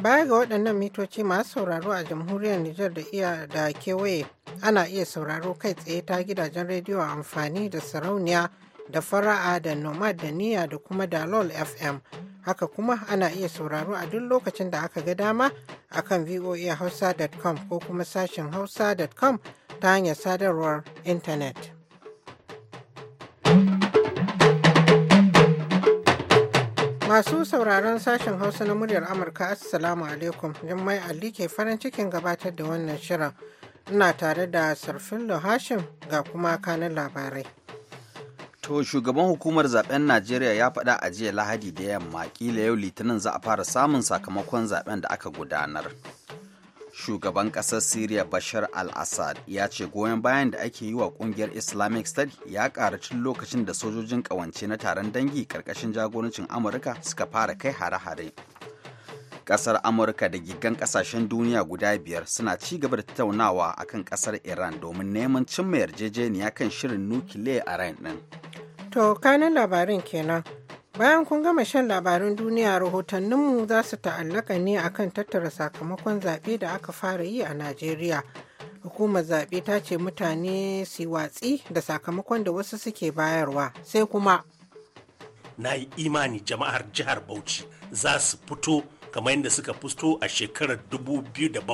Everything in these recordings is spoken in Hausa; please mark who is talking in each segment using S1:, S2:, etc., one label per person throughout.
S1: Baya ga waɗannan mitoci masu sauraro a jamhuriyar Nijar da iya da kewaye ana iya sauraro kai tsaye ta gidajen rediyo a amfani da sarauniya da fara'a da nomad da niya da kuma dalol fm haka kuma ana iya sauraro a duk lokacin da aka ga dama a akan voahausa.com ko kuma sashen hausa.com ta hanyar sadarwar intanet. Masu sauraron sashen Hausa na muryar Amurka Assalamu alaikum Jummai Ali ke farin cikin gabatar da wannan shirin. Ina tare da sarfin Hashim ga kuma kanin labarai.
S2: To shugaban hukumar zaben Najeriya ya faɗa a jiya Lahadi da yamma kila yau Litinin za a fara samun sakamakon zaben da aka gudanar. shugaban ƙasar syria bashar al-assad ya ce goyon bayan da ake yi wa ƙungiyar islamic state ya ƙara tun lokacin da sojojin ƙawance na taron dangi ƙarƙashin jagorancin amurka suka fara kai hare-hare ƙasar amurka da gigan ƙasashen duniya guda biyar suna ci gaba da tattaunawa a kan ƙasar iran domin neman cimma yarjejeniya kan shirin nukiliya a ran ɗin
S1: to kanan labarin kenan Bayan kun gama shan labarin duniya rahotanninmu za su ta'allaka ne akan tattara sakamakon zaɓe da aka fara yi a Najeriya. Hukumar zaɓe ta ce mutane su watsi da sakamakon da wasu suke bayarwa sai kuma.
S3: Na yi imani jama'ar jihar Bauchi za su fito kamar yadda suka fito a shekarar 2007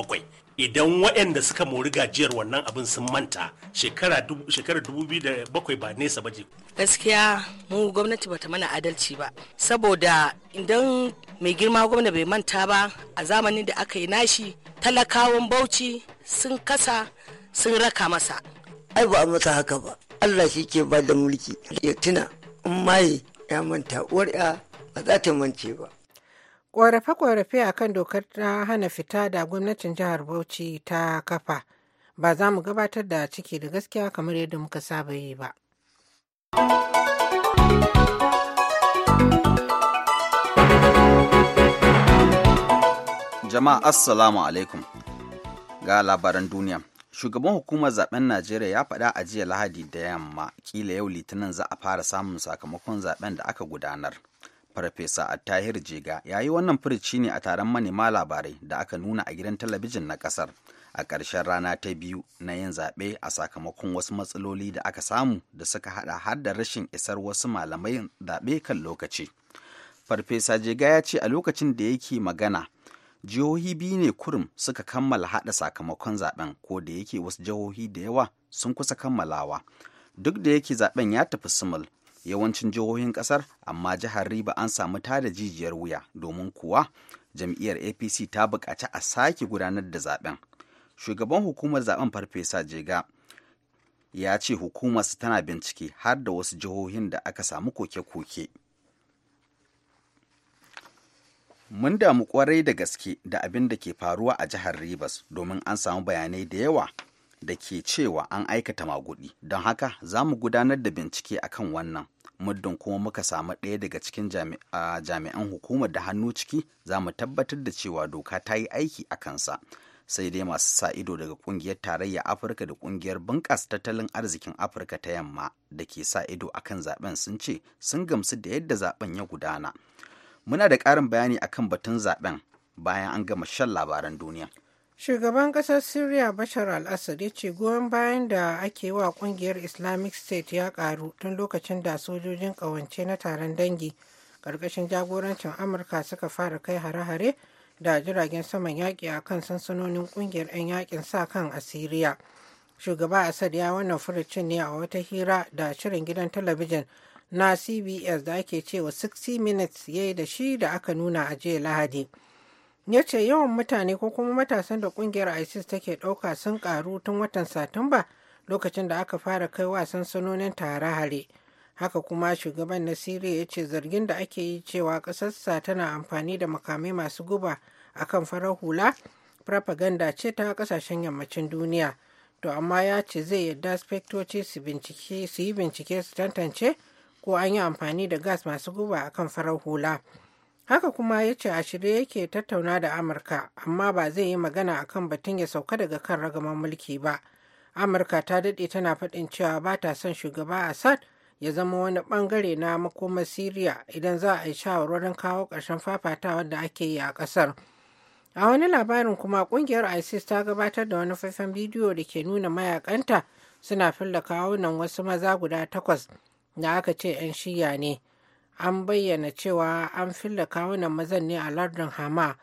S3: idan waɗanda suka mori gajiyar wannan abin sun manta shekarar 2007 ba nesa ba
S4: gaskiya mu gwamnati bata mana adalci ba saboda idan mai girma gwamna bai manta ba a zamanin da aka yi nashi talakawan bauchi sun kasa sun raka masa
S5: ai ba a masa haka ba allah shi ke ba da mulki ya tuna in maye ya manta uwar ya ba za ta mance ba
S1: ƙorafe-ƙorafe a kan dokar ta hana fita da gwamnatin jihar bauchi ta kafa ba za mu gabatar da ciki da gaskiya kamar yadda muka saba yi ba
S2: jama'a assalamu alaikum ga labaran duniya shugaban hukumar zaben najeriya ya faɗa a jiya lahadi da yamma kila yau litinin za a fara samun sakamakon zaben da aka gudanar farfesa attahir jega ya yi wannan furici ne a taron manema labarai da aka nuna a gidan talabijin na ƙasar a ƙarshen rana ta biyu na yin zaɓe a sakamakon wasu matsaloli da aka samu da suka haɗa har da rashin isar wasu malamai zaɓe kan lokaci farfesa jega ya ce a lokacin da yake magana jihohi biyu ne kurum suka kammala haɗa sakamakon zaɓen ko da yake wasu jihohi da yawa sun kusa kammalawa duk da yake zaɓen ya tafi sumul yawancin jihohin kasar amma jihar riba an samu tada jijiyar wuya domin kuwa jam'iyyar apc ta buƙaci a sake gudanar da zaben shugaban hukumar zaben farfesa jega ya ce hukumarsa tana bincike har da wasu jihohin da aka samu koke-koke mun damu kwarai da gaske da abin da ke faruwa a jihar Ribas domin an samu bayanai da yawa da ke cewa an aikata magudi don haka za mu gudanar da bincike akan wannan muddin kuma muka samu ɗaya daga cikin jami'an hukumar da hannu ciki za mu tabbatar da cewa doka ta yi aiki a kansa sai dai masu sa ido daga kungiyar tarayya afirka da kungiyar bunƙasa tattalin arzikin afirka ta yamma da ke sa ido akan zaben sun ce sun gamsu da yadda zaben ya gudana muna da ƙarin bayani akan batun zaben bayan an gama shan labaran duniya
S1: Shugaban ƙasar Syria Bashar al-Assad ya ce goyon bayan da ake wa ƙungiyar Islamic State ya ƙaru tun lokacin da sojojin ƙawance na taron dangi ƙarƙashin jagorancin Amurka suka fara kai hare-hare da jiragen saman yaƙi a kan sansanonin ƙungiyar 'yan yaƙin sa kan a syria Shugaba Assad ya wannan furucin ne a wata hira da shirin gidan talabijin na CBS da ake cewa 60 Minutes ya yi da shi da aka nuna a jiya Lahadi. ya ce yawan mutane ko kuma matasan da kungiyar isis take dauka sun karu tun watan satumba lokacin da aka fara kai wa sansanonin tare hare haka kuma shugaban na siriya ya ce zargin da ake yi cewa ƙasarsa tana amfani da makamai masu guba a kan farar hula farfaganda ce ta ƙasashen yammacin duniya to amma ya ce zai yarda spektoci su yi bincike su tantance ko an yi amfani da gas masu guba a kan farar hula. haka kuma ya ce a shirye yake tattauna da amurka amma ba zai yi magana akan batun ya sauka daga kan ragaman mulki ba amurka ta daɗe tana faɗin cewa ba ta son shugaba assad ya zama wani ɓangare na makomar syria idan za a yi shawarwarin kawo ƙarshen fafatawar da ake yi a ƙasar a wani labarin kuma ƙungiyar isis ta gabatar da wani faifan bidiyo da ke nuna mayakanta suna kawo kawunan wasu maza guda takwas da aka ce 'yan shiya ne an bayyana cewa an filla kawunan mazan ne a lardin hama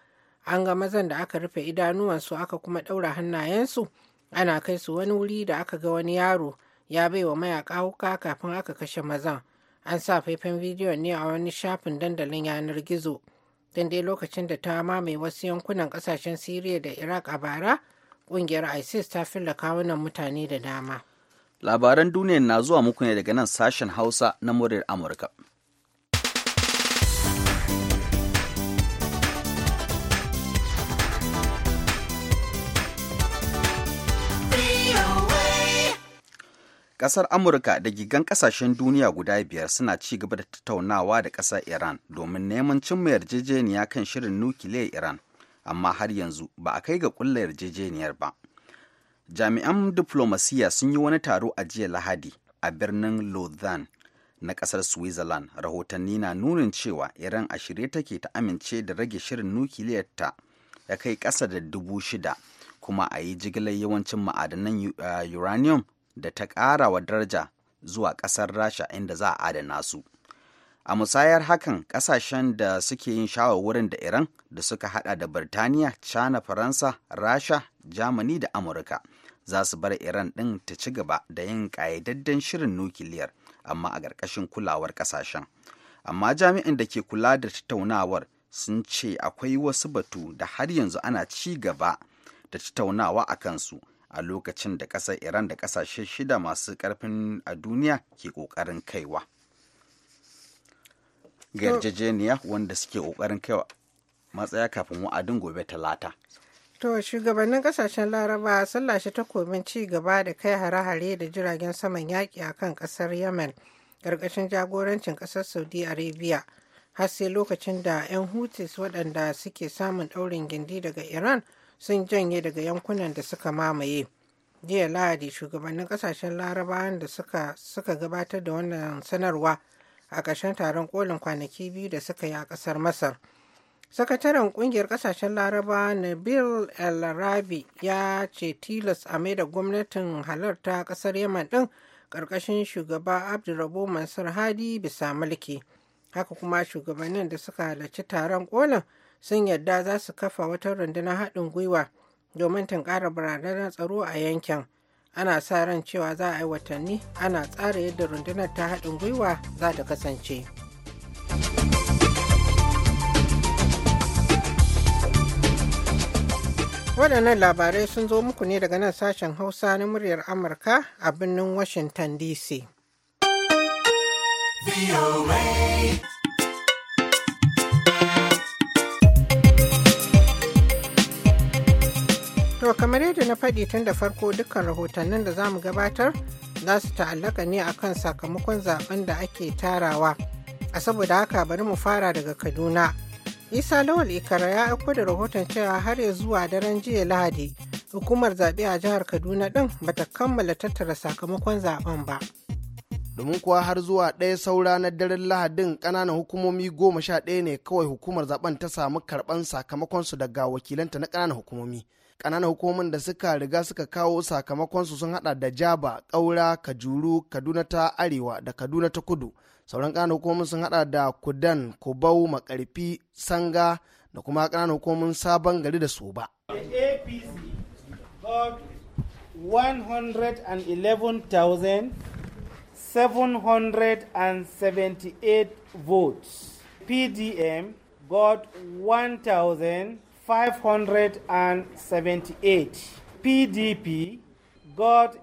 S1: an ga mazan da aka rufe idanuwansu aka kuma ɗaura hannayensu ana kai su wani wuri da aka ga wani yaro ya bai wa mayaka wuka kafin aka kashe mazan an sa faifan bidiyon ne a wani shafin dandalin yanar gizo don dai lokacin da ta mamaye wasu yankunan kasashen siriya da iraq a bara ƙungiyar isis ta filla kawunan mutane da dama
S2: labaran duniya na zuwa muku ne daga nan sashen hausa na muryar amurka Ƙasar Amurka da gigan ƙasashen duniya guda biyar suna ci gaba da tattaunawa da ƙasar Iran domin neman cimma yarjejeniya kan shirin nukiliyar Iran, amma har yanzu ba a kai ga ƙulla yarjejeniyar ba. Jami'an diflomasiyya sun yi wani taro a jiya Lahadi a birnin lothan na ƙasar Switzerland. Rahotanni na nunin cewa Iran a shirye take ta amince da rage shirin nukiliyarta ya kai ƙasa da dubu shida. kuma a yi jigilar yawancin ma'adanan eh, uranium da ta ƙara wa daraja zuwa ƙasar rasha inda za a adana su a musayar hakan ƙasashen da suke yin shawarwarin da iran da suka hada da birtaniya china faransa rasha jamani da amurka za su bar iran ɗin ta ci gaba da yin ƙayyadadden shirin nukiliyar amma a ƙarƙashin kulawar ƙasashen amma jami'in da ke kula da tattaunawar sun ce akwai wasu batu da har yanzu ana ci gaba da tattaunawa a kansu a lokacin da ƙasar iran da ƙasashe shida masu ƙarfin a duniya ke ƙoƙarin kaiwa ga yarjejeniya wanda suke ƙoƙarin kaiwa matsaya kafin wa'adin gobe talata
S1: To shugabannin ƙasashen Laraba lashe takobin ci gaba da kai hare-hare da jiragen saman yaƙi a kan ƙasar Yemen ƙarƙashin jagorancin ƙasar Saudi Arabia har sai lokacin da 'yan Houthis waɗanda suke samun ɗaurin gindi daga Iran sun janye daga yankunan da suka mamaye jiya lahadi shugabannin kasashen larabawan da suka suka gabatar da wannan sanarwa a ƙarshen taron kolin kwanaki biyu da suka yi a ƙasar masar sakataren ƙungiyar ƙasashen laraba nabil el rabi ya ce tilas a maida gwamnatin halarta ƙasar yaman ɗin ƙarƙashin shugaba abdurrabu mansur hadi bisa mulki haka kuma shugabannin da suka halarci taron kolin sun yarda za su kafa wata rundunar haɗin gwiwa domin tunƙara barazanar tsaro a yankin ana sa ran cewa za a yi watanni ana tsara yadda rundunar ta haɗin gwiwa za ta kasance waɗannan labarai sun zo muku ne daga nan sashen hausa na muryar amurka a birnin washington dc To kamar yadda na faɗi tun da farko dukkan rahotannin da zamu gabatar za su ta'allaka ne akan sakamakon zaben da ake tarawa. A saboda haka bari mu fara daga Kaduna. Isa Lawal Ikara ya aiko da rahoton cewa har ya zuwa daren jiya Lahadi hukumar zaɓe a jihar Kaduna ɗin ta kammala tattara sakamakon zaben ba.
S5: domin kuwa har zuwa ɗaya saura na daren lahadin ƙananan hukumomi goma sha ɗaya ne kawai hukumar zaben ta samu karɓan sakamakonsu daga wakilanta na ƙananan hukumomi ƙananan hukumomin da suka riga suka kawo sakamakonsu sun hada da jaba ƙaura kajuru kaduna ta arewa da kaduna ta kudu sauran kananan hukumomin sun hada da kudan kubau makarfi sanga da kuma kananan hukumomin sabon gari da soba.
S3: apc
S5: got 111,778 votes pdm got 1,000 578 pdp got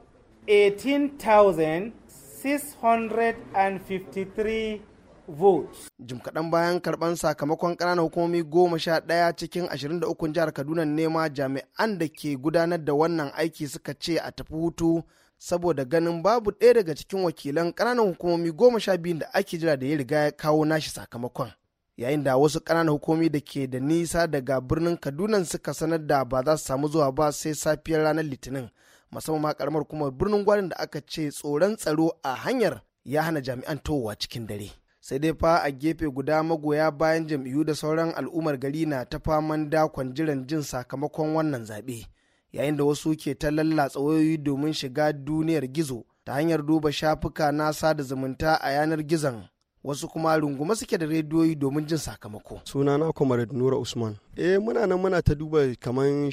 S5: 18,653 votes. Jim kaɗan bayan karɓar sakamakon ƙananan hukumomi goma sha ɗaya cikin 23 jihar Kaduna nema jami'an da ke gudanar da wannan aiki suka ce a tafi hutu saboda ganin babu ɗaya daga cikin wakilan ƙananan hukumomi goma sha biyun da ake jira da ya riga ya kawo nashi sakamakon. yayin da wasu kananan hukumomi da ke da nisa daga birnin kaduna suka sanar da ba za su samu zuwa ba sai safiyar ranar litinin musamman ma karamar kuma birnin gwarin da aka ce tsoron tsaro a hanyar ya hana jami'an towa cikin dare sai dai fa a gefe guda magoya bayan jam'iyyu da sauran al'ummar gari na ta faman dakon jiran jin sakamakon wannan zaɓe yayin da wasu ke ta lallatsa wayoyi domin shiga duniyar gizo ta hanyar duba shafuka na sada zumunta a yanar gizon wasu kuma runguma suke da rediyoyi domin jin sakamako sunana comrade nura usman eh muna nan muna ta duba kamar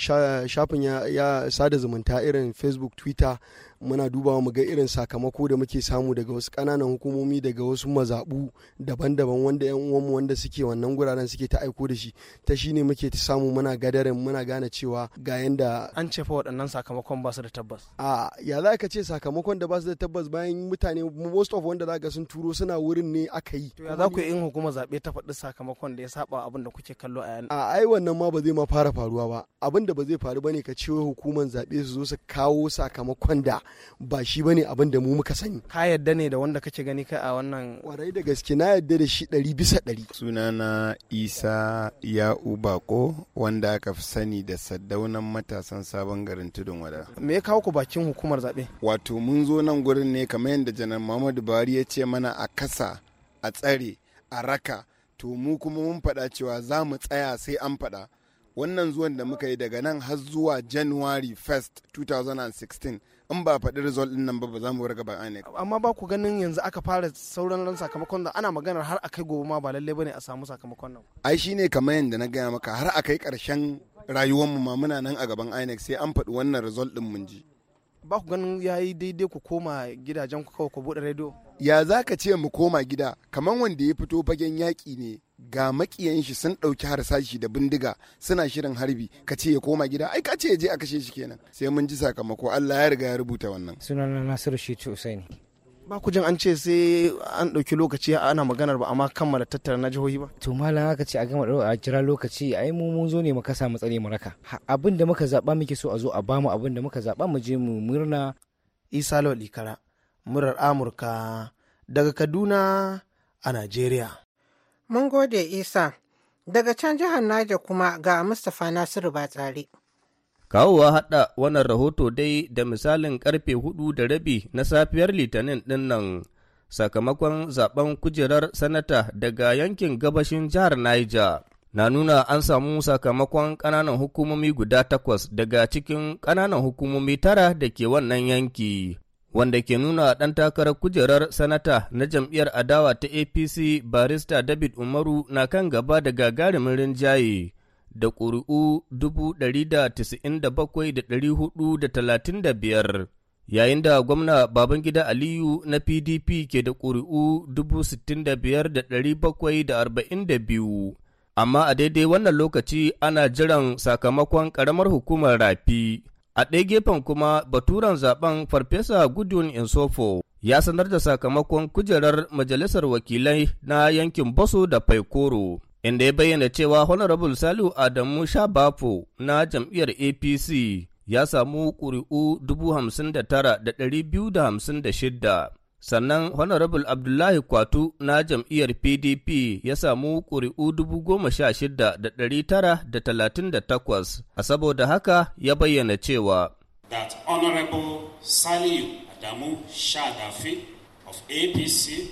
S5: shafin ya, sada zumunta irin facebook twitter muna dubawa mu ga irin sakamako da muke samu daga wasu kananan hukumomi daga wasu mazaɓu daban-daban wanda yan uwanmu wanda suke wannan guraren suke ta aiko da shi ta shine muke ta samu muna gadarin muna gane cewa ga yanda an ce fa waɗannan sakamakon ba su da tabbas a ya za ka ce sakamakon da ba su da tabbas bayan mutane most of wanda zaka sun turo suna wurin ne aka yi to ya za ku in hukuma zaɓe ta faɗi sakamakon da ya saba abin da kuke kallo a ai wannan ma ba zai ma fara faruwa ba abin da ba zai faru bane ka cewa hukumar zaɓe su zo su kawo sakamakon da ba shi bane abin da mu muka sani ka yadda ne da wanda kake gani ka a wannan warai
S6: da gaske na yadda da shi ɗari bisa ɗari sunana isa ya ubako wanda aka fi sani da saddaunan matasan sabon garin tudun wada
S5: me ya kawo ku bakin hukumar zaɓe
S6: wato mun zo nan gurin ne kamar yadda janar muhammadu buhari ya ce mana a kasa a tsare
S5: a raka to mu
S6: kuma mun faɗa cewa za mu tsaya sai an faɗa wannan zuwan da muka yi daga nan har zuwa january 1st 2016 in ba faɗi result ɗin nan ba ba za mu raga ba inec
S5: amma ba ku ganin yanzu aka fara sauran ran sakamakon da ana maganar har akai gobe ma ba lalle bane a samu sakamakon nan
S6: ai shine kamar yadda na gaya maka har akai karshen rayuwar mu ma muna nan a gaban inec sai an faɗi wannan result ɗin mun ji
S5: ba ku ganin ya yi daidai ku koma gidajen ku kawai ku buɗe rediyo.
S6: Ya za ka ce mu koma gida kamar wanda ya fito bagen yaƙi ne ga maƙiyan shi sun ɗauki harsashi da bindiga suna shirin harbi ka ce ya koma gida ai ka ce ya je a kashe shi kenan sai mun ji sakamako Allah ya riga ya rubuta wannan.
S1: Sunana Nasiru Shitu Usaini.
S5: ba ku jin an ce sai an ɗauki lokaci ana maganar ba amma kammala tattara na jihohi ba to malam aka ce a gama a jira lokaci ai mu mun zo ne mu kasa mu tsare mu raka abin da muka zaba muke so a zo a bamu abin da muka zaba mu je mu murna isa lawal kara murar amurka daga kaduna a najeriya
S1: mun gode isa daga can jihar naija kuma ga mustapha nasiru batsari
S7: Kawowa haɗa wannan rahoto dai da misalin karfe hudu da rabi na safiyar litinin ɗin nan sakamakon zaben kujerar sanata daga yankin gabashin jihar Niger na nuna an samu sakamakon ƙananan hukumomi guda takwas daga cikin ƙananan hukumomi tara da ke wannan yanki. Wanda ke nuna ɗan takarar kujerar sanata na jam'iyyar adawa ta APC barista David Umaru na kan gaba da gagarumin rinjaye. da ƙuri'u biyar yayin da gwamna Babangida Aliyu na PDP ke da ƙuri'u 65,742. Amma a daidai wannan lokaci ana jiran sakamakon ƙaramar hukumar rafi. A ɗaya gefen kuma baturan zaben Farfesa Gudun Insofo ya sanar da sakamakon kujerar Majalisar Wakilai na yankin Boso da Faikoro. inda ya bayyana cewa Honorable Salihu Adamu Shabafo na jam'iyyar APC ya samu ƙuri'u 59,256. Sannan Honorable Abdullahi Kwatu na jam'iyyar PDP ya samu ƙuri'u 16,938, a saboda haka ya bayyana cewa.
S3: That Honorable Salihu Adamu Shadafi of APC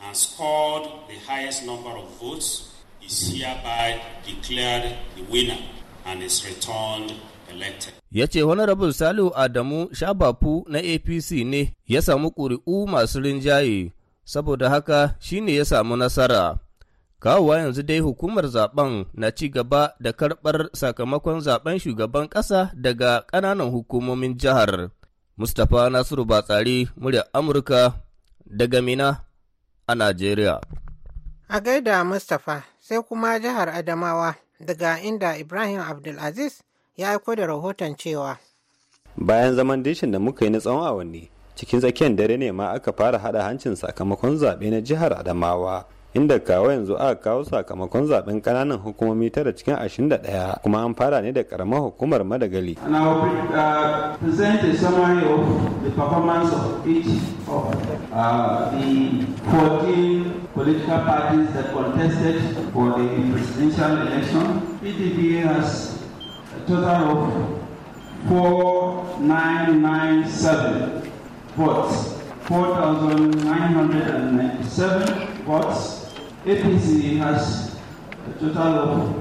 S3: has scored the highest number of votes is hereby declared the winner and is returned elected.
S7: Ya ce Honorable Salihu Adamu Shabafu na APC ne ya samu ƙuri'u masu rinjaye, saboda haka shi ne ya samu nasara. Kawowa yanzu dai hukumar zaben na ci gaba da karɓar sakamakon zaben shugaban ƙasa daga ƙananan hukumomin jihar. Mustapha Nasiru Batsari, murya Amurka daga Mina a Najeriya.
S1: A gaida Mustapha, sai kuma jihar Adamawa daga inda Ibrahim Abdulaziz ya aiko da rahoton cewa.
S8: Bayan zaman dishin da muka yi na tsawon awanni, cikin tsakiyar dare ne ma aka fara hada hancin sakamakon zaɓe na jihar Adamawa. inda kawo yanzu aka kawo sakamakon zaben kananan hukumomi tara cikin 21 kuma an fara ne da karamar hukumar madagali uh, uh, political parties that contested for the presidential election. votes, 4,997 votes. APC has a total of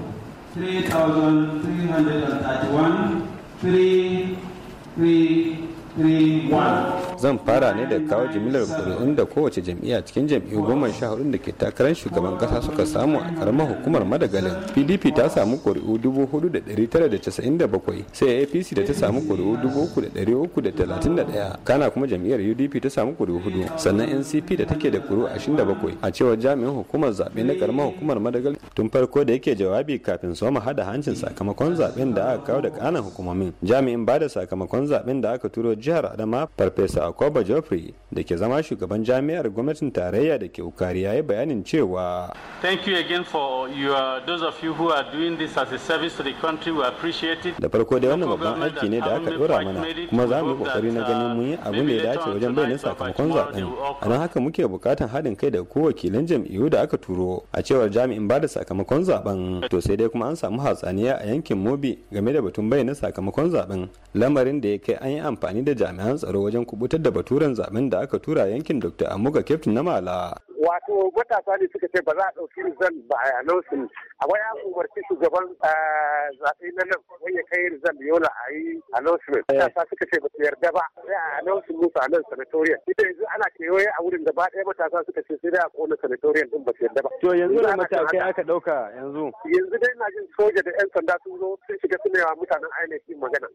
S8: 3,331, 3,331. zan fara ne da kawo jimillar kuri'un da kowace jam'iyya cikin jam'iyyu goma sha hudu da ke takarar shugaban kasa suka samu a karamar hukumar madagalin pdp ta samu kuri'u dubu hudu da dari tara da casa'in da bakwai sai apc da ta samu kuri'u dubu uku da dari uku da talatin da daya kana kuma jam'iyyar udp ta samu kuri'u hudu sannan ncp da take da kuri'u ashirin da bakwai a cewar jami'in hukumar zaɓe na karamar hukumar madagal tun farko da yake jawabi kafin soma hada hancin sakamakon zaɓen da aka kawo da kanan hukumomin jami'in bada sakamakon zaɓen da aka turo jihar adama farfesa akoba joffrey da ke zama shugaban jami'ar gwamnatin tarayya da ke ukari ya yi bayanin cewa
S3: thank you again for your those of you who are doing this as a service to the country we appreciate it da
S8: farko dai wannan babban aiki ne da aka dora mana kuma za mu kokari na ganin mun yi uh, abin da ya dace wajen bayyana sakamakon zaben a nan haka muke bukatan haɗin kai da ko wakilan jam'iyyu da aka turo a cewar jami'in bada sakamakon zaben to sai dai kuma an samu hatsaniya a yankin mobi game da batun bayyana sakamakon zaben lamarin da ya kai an yi amfani da jami'an tsaro wajen kubutar da baturen zaben da aka tura yankin dr amuga captain na malawa.
S3: wato matasa ne suka ce ba za a ɗauki rizal ba a announcing akwai an umarci shugaban eh, zaɓe na nan wai ya kai rizal yola a yi announcement eh. matasa suka ce ba su yarda ba
S7: sai a announcing
S3: musu a nan sanatoriyan ita yanzu ana kewaye a wurin gaba ɗaya matasa suka ce sai dai a kona sanatoriyan ɗin ba su yarda ba. to yanzu da matakai
S8: aka ɗauka yanzu.
S3: yanzu dai na jin soja da 'yan sanda sun zo sun shiga su wa mutanen ainihin magana.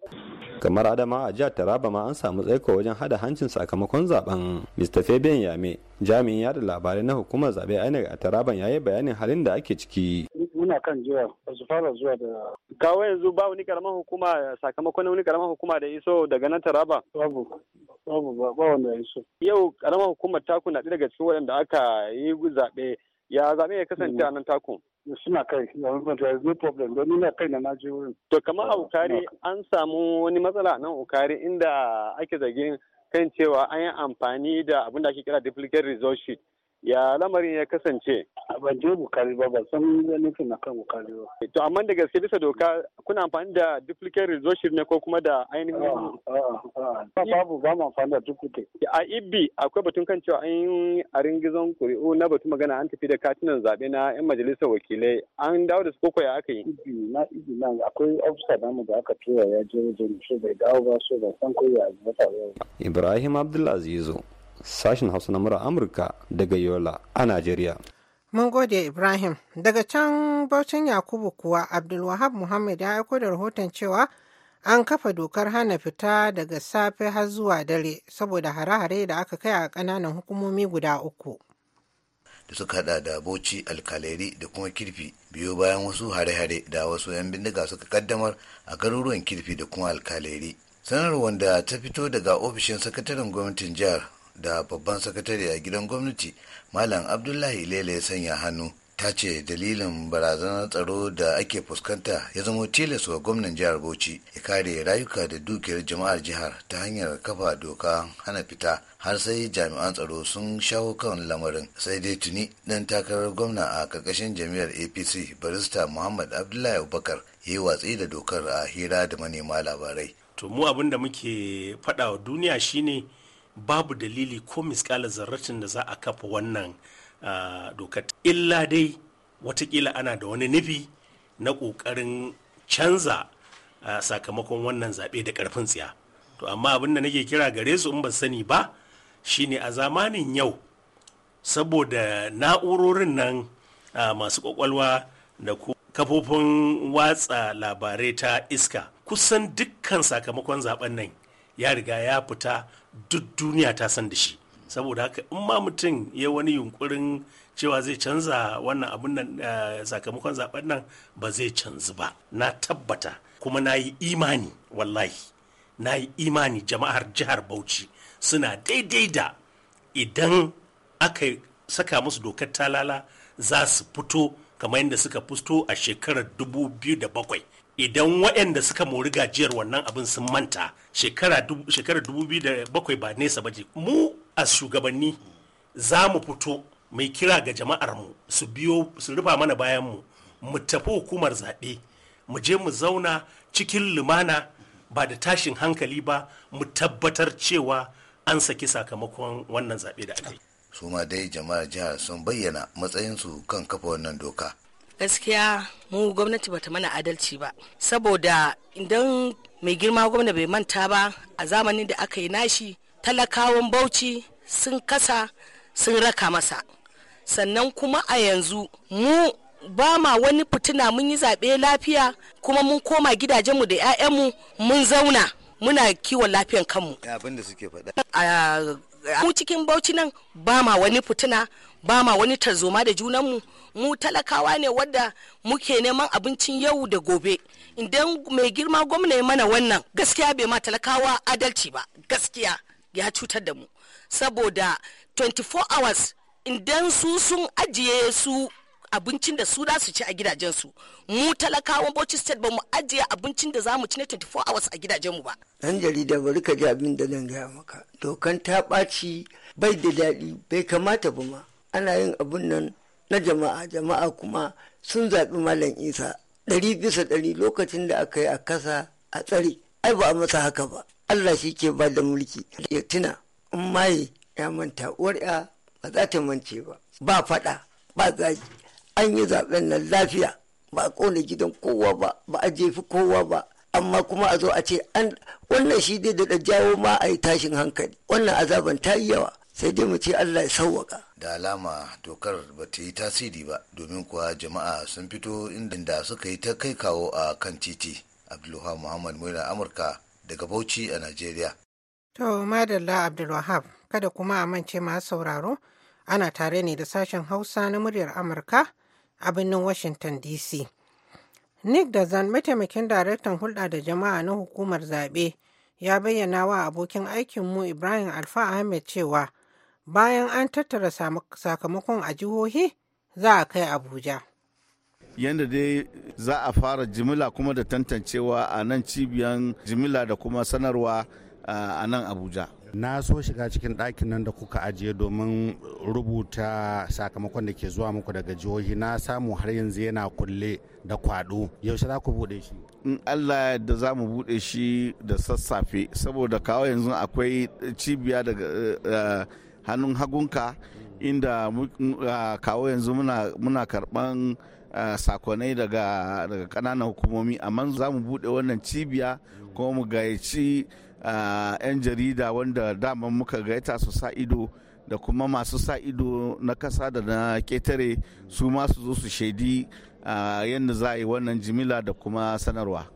S8: kamar adama a jihar taraba ma an samu tsaiko wajen hada hancin sakamakon zaben mr fabian yame jami'in yada labarai Buhari na hukumar zabe INEC a Taraban yayi bayanin halin da ake ciki. Muna kan jiya ba su fara zuwa da Kawai yanzu ba wani karamar hukuma sakamakon wani karamar hukuma da iso daga nan Taraba. Babu babu ba wanda ya iso. Yau karamar hukumar taku na daga cikin waɗanda aka yi zaɓe ya zaɓe ya kasance a nan taku. suna kai there is no problem don nuna kai na naje wurin to kamar a ukari an samu wani matsala nan ukari inda ake zagin kan cewa an yi amfani da abin da ake kira duplicate resource sheet ya lamarin ya kasance
S3: ban je bukari ba ban san nufin
S8: na kan bukari ba eh, to amma da gaske bisa doka kuna amfani da duplicate resolution ne ko kuma da ainihin babu ba mu amfani da duplicate a ibbi akwai batun kan cewa an a ringizon kuri'u na batun magana an tafi da katinan zaɓe na yan majalisar wakilai an dawo da su koko ya aka yi na ibbi na akwai officer namu da aka tura ya je wajen shi bai dawo ba so ban san ko ya zata ibrahim abdulaziz sashen hausa na mura amurka daga yola a najeriya
S1: mun gode ibrahim daga can baucin yakubu kuwa abdulwahab muhammad ya aiko da rahoton cewa an kafa dokar hana fita daga safe har zuwa dare saboda hare-hare da aka kai a ƙananan hukumomi guda uku
S9: da suka hada da boci alkaleri da kuma kirfi biyo bayan wasu hare-hare da wasu 'yan bindiga suka kaddamar a garuruwan kirfi da kuma alkaleri sanarwar da ta fito daga ofishin sakataren gwamnatin jihar da babban sakatare a gidan gwamnati malam abdullahi lele ya sanya hannu ta ce dalilin barazanar tsaro da ake fuskanta ya zama tilas wa gwamnan jihar bauchi ya kare rayuka da dukiyar jama'ar jihar ta hanyar kafa doka hana fita har sai jami'an tsaro sun shawo kan lamarin sai dai tuni dan takarar gwamna a karkashin jami'ar apc barista muhammad abdullahi abubakar ya yi watsi da dokar a hira da manema labarai to
S3: mu abin da muke faɗa wa duniya shine babu dalili ko miskala zarratin da za a kafa wannan dokar illa dai watakila ana da wani nufi na ƙoƙarin canza sakamakon wannan zaɓe da ƙarfin tsiya to amma abin da nake kira gare su in ba sani ba shine a zamanin yau saboda na'urorin nan masu ƙwaƙwalwa da kafofin watsa labarai ta iska kusan dukkan sakamakon zaben nan ya riga ya fita duk duniya ta san da shi saboda haka in ma mutum ya wani yunkurin cewa zai canza wannan abin nan eh, sakamakon zaben nan ba zai canzu ba na tabbata kuma na yi imani wallahi na yi imani jama'ar jihar bauchi suna daidai da idan aka saka musu dokar talala za su fito kamar yadda suka fito a shekarar 2007 idan waɗanda suka mori gajiyar wannan abin sun manta shekarar 2007 ba nesa ba mu a shugabanni za mu fito mai kira ga jama'ar mu su biyo su rufa mana bayan mu mu tafi hukumar zaɓe mu je mu zauna cikin lumana ba da tashin hankali ba mu tabbatar cewa an saki sakamakon wannan zaɓe da aka yi.
S9: su dai jama'ar jihar sun bayyana matsayinsu kan kafa wannan doka
S4: gaskiya mu gwamnati bata mana adalci ba saboda idan mai girma gwamna bai manta ba a zamanin da aka yi nashi talakawan bauchi sun kasa sun raka masa sannan kuma a yanzu mu ba ma wani fitina mun yi zaɓe lafiya kuma mun koma gidajenmu da 'ya'yanmu mun zauna muna kiwon lafiyan kanmu mu cikin bauchi nan ba ma wani fitina ba ma wani tarzoma da junanmu mu talakawa ne wadda muke neman abincin yau da gobe idan mai girma gwamna mana wannan gaskiya bai ma talakawa adalci ba gaskiya ya cutar da mu saboda 24 hours idan su sun ajiye su abincin da su za su ci a gidajensu mu talakawan bauchi state ba mu ajiye abincin da za mu ci na 24 hours a gidajenmu ba
S5: dan jarida bari ka ji abin da zan gaya maka dokan ta ɓaci bai da daɗi bai kamata ba ma ana yin abun nan na jama'a jama'a kuma sun zaɓi malam isa ɗari bisa ɗari lokacin da aka yi a kasa a tsare ai ba a masa haka ba allah shi ke ba da mulki ya tuna in maye ya manta uwar ya ba za ta mance ba ba faɗa ba zaki an yi zaben nan lafiya ba a kone gidan kowa ba ba a jefi kowa ba amma kuma a zo a ce an wannan shi dai da jawo ma a yi tashin hankali wannan azaban ta yi yawa sai dai mu ce Allah ya sauwaka.
S9: Da alama dokar ba ta yi tasiri ba domin kuwa jama'a sun fito inda suka yi ta kai kawo a kan titi. Abdulwahab Muhammad muna Amurka daga Bauchi a nigeria.
S1: To madalla Abdulwahab kada kuma a mance masu sauraro ana tare ne da sashen Hausa na muryar Amurka a birnin Washington DC. Nick Dazan mataimakin daraktan hulɗa da jama'a na hukumar zaɓe ya bayyana wa abokin aikinmu Ibrahim Alfa Ahmed cewa bayan an tattara sakamakon a jihohi za a kai Abuja.
S10: yadda dai za a fara jimila kuma da tantancewa a nan cibiyan jimila da kuma sanarwa a nan abuja na so shiga cikin ɗakin nan da kuka ajiye domin rubuta sakamakon da ke zuwa muku daga jihohi na samu har yanzu yana kulle da kwado yaushe za ku buɗe shi in allah da za mu buɗe shi da sassafe saboda kawo yanzu akwai cibiya daga eh, eh, hannun hagunka inda eh, kawo yanzu muna karɓan sakonai daga ƙananan hukumomi amma za mu buɗe wannan cibiya kuma mu gayyaci 'yan jarida wanda daman muka gaita su sa ido da kuma masu sa ido na kasa da na ketare su masu zo su shaidi yadda za a yi wannan jimila da kuma sanarwa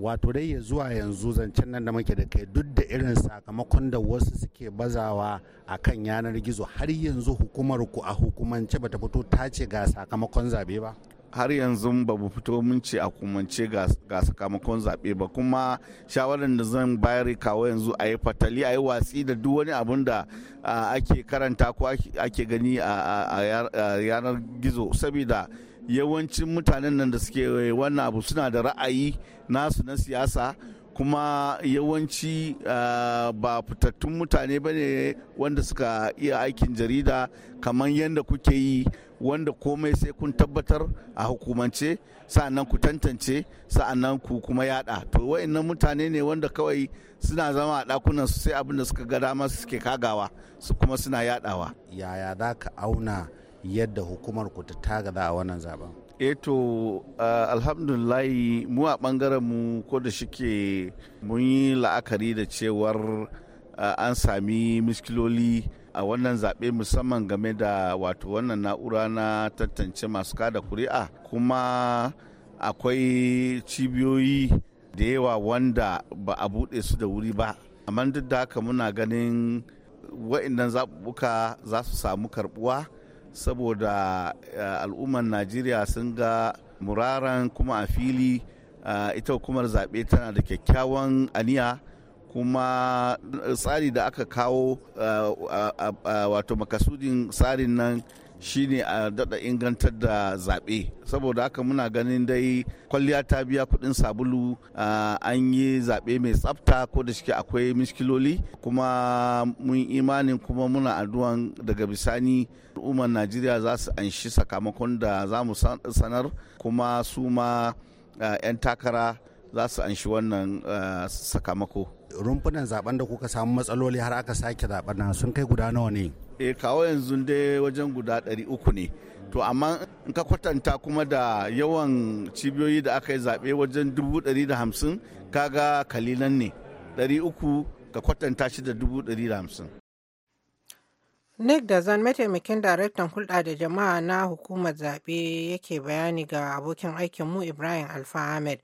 S10: wato dai ya zuwa yanzu zancen nan da muke da kai duk da irin sakamakon da wasu suke bazawa a kan yanar gizo har yanzu hukumar ku a hukumance bata fito ta ce ga sakamakon zabe ba har yanzu ba mu fito mun ce a kumance ga sakamakon zaɓe ba kuma shawarar da zan bayar kawo yanzu a yi fatali a yi watsi da duk wani abun da ake karanta ko ake gani a yanar gizo saboda yawancin mutanen nan da suke wannan abu suna da ra'ayi nasu na siyasa kuma yawanci ba fitattun mutane ba ne wanda suka iya aikin jarida kamar yadda kuke yi wanda komai sai kun tabbatar a hukumance sa'annan ku tantance sa'annan ku kuma yada to wa'annan mutane ne wanda kawai suna zama a dakunan su sai abinda suka ga dama suke kagawa su kuma suna yadawa yaya za ka auna yadda hukumar ku ta taga a wannan zaben e to alhamdulillahi mu a bangaren mu ko da shike mun yi la'akari da cewar an sami miskiloli a wannan zaɓe musamman game da wato wannan na'ura na tantance masu kada kuri'a kuma akwai cibiyoyi da yawa wanda ba a buɗe su da wuri ba amma duk da haka muna ganin wa'annan zaɓuɓɓuka za su samu karɓuwa saboda eh, al'ummar najeriya sun ga muraran kuma a fili eh, ita hukumar zaɓe tana da kyakkyawan aniya kuma eh, tsari da aka kawo eh, wato makasudin tsarin nan shi ne a dada ingantar da zaɓe saboda haka muna ganin dai kwalliya ta biya kuɗin sabulu an yi zaɓe mai tsafta ko da shike akwai miskiloli kuma mun imanin kuma muna addu'an daga bisani al'ummar najeriya za su anshi sakamakon da za mu sanar kuma su ma eh, 'yan takara za su anshi wannan sakamako rumfunan zaben da kuka samu matsaloli har aka sake zaben nan sun kai guda nawa ne eh kawo yanzu dai wajen guda ɗari uku ne to amma in ka kwatanta kuma da yawan cibiyoyi da aka yi zaɓe wajen dubu ɗari da hamsin kaga kalilan ne ɗari uku ka kwatanta shi da hamsin.
S1: nick da zan mataimakin daraktan hulɗa da jama'a na hukumar zaɓe yake bayani ga abokin aikinmu ibrahim alfa ahmed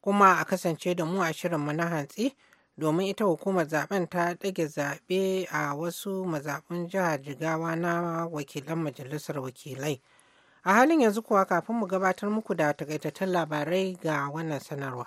S1: kuma a kasance da mu a shirinmu na hantsi domin ita hukumar zaben ta ɗage zaɓe a wasu mazaɓin jihar jigawa na wakilan majalisar wakilai a halin yanzu kuwa kafin mu gabatar muku da takaitattun labarai ga wannan sanarwa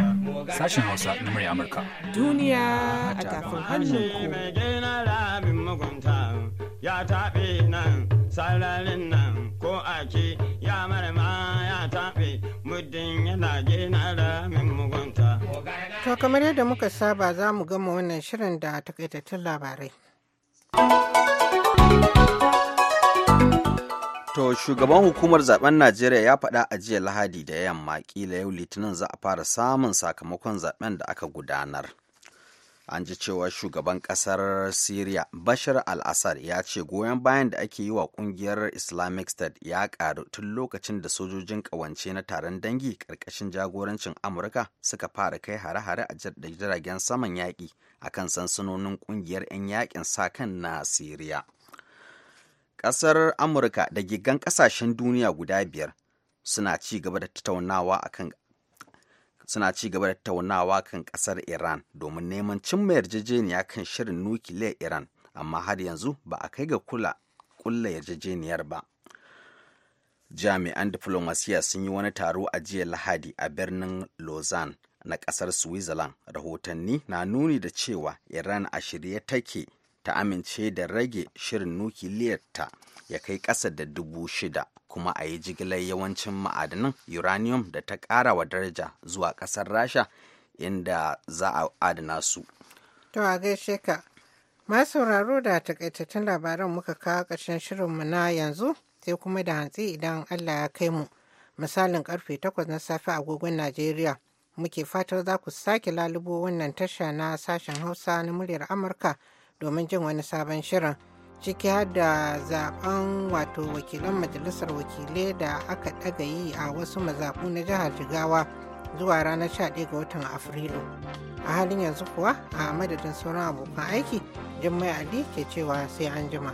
S8: Sashen Hausa na murya Amurka.
S1: Duniya a tafin hannunku.
S8: Ya taɓe nan, sararin nan, ko ake ya marama ya taɓe muddin yana gina ramin mugunta.
S1: To kamar yadda muka saba za mu gama wannan shirin da takaitattun labarai.
S2: To shugaban hukumar zaben Najeriya ya faɗa a jiya Lahadi da yamma kila yau Litinin za a fara samun sakamakon zaben da aka gudanar. An ji cewa shugaban ƙasar Siriya Bashar al-Assad ya ce goyon bayan da ake yi wa ƙungiyar Islamic State ya ƙaru tun lokacin da sojojin ƙawance na taron dangi ƙarƙashin jagorancin Amurka suka fara kai hare-hare a jiragen saman yaƙi a kan sansanonin ƙungiyar 'yan yaƙin sa kan na Siriya. ƙasar amurka da gigan ƙasashen duniya guda biyar suna ci gaba da tattaunawa kan ƙasar iran domin neman cimma yarjejeniya kan shirin nukiliyar iran amma har yanzu ba a kai ga kula kulla yarjejeniyar ba jami'an diflomasiya sun yi wani taro a jiya lahadi a birnin lausanne na ƙasar switzerland rahotanni na nuni da cewa iran a shirye take ta amince da rage shirin nukiliyar ta ya kai ƙasa da dubu shida kuma a yi jigilar yawancin ma'adanan uranium da ta ƙara wa daraja zuwa ƙasar rasha inda za a adana su.
S1: To a gaishe ka, ma sauraro da takaitattun labaran muka kawo ƙarshen mu na yanzu sai kuma da hantsi idan Allah ya kai mu. Misalin karfe 8 na safe agogon Najeriya. Muke fatar za ku sake lalubo wannan tasha na sashen Hausa na muryar Amurka. domin jin wani sabon shirin ciki har da zaben wato wakilan majalisar wakilai da aka ɗaga yi a wasu mazaɓu na jihar jigawa zuwa ranar 11 ga watan afrilu a halin yanzu kuwa a madadin sauran abokan aiki jimmai ali ke cewa sai an jima.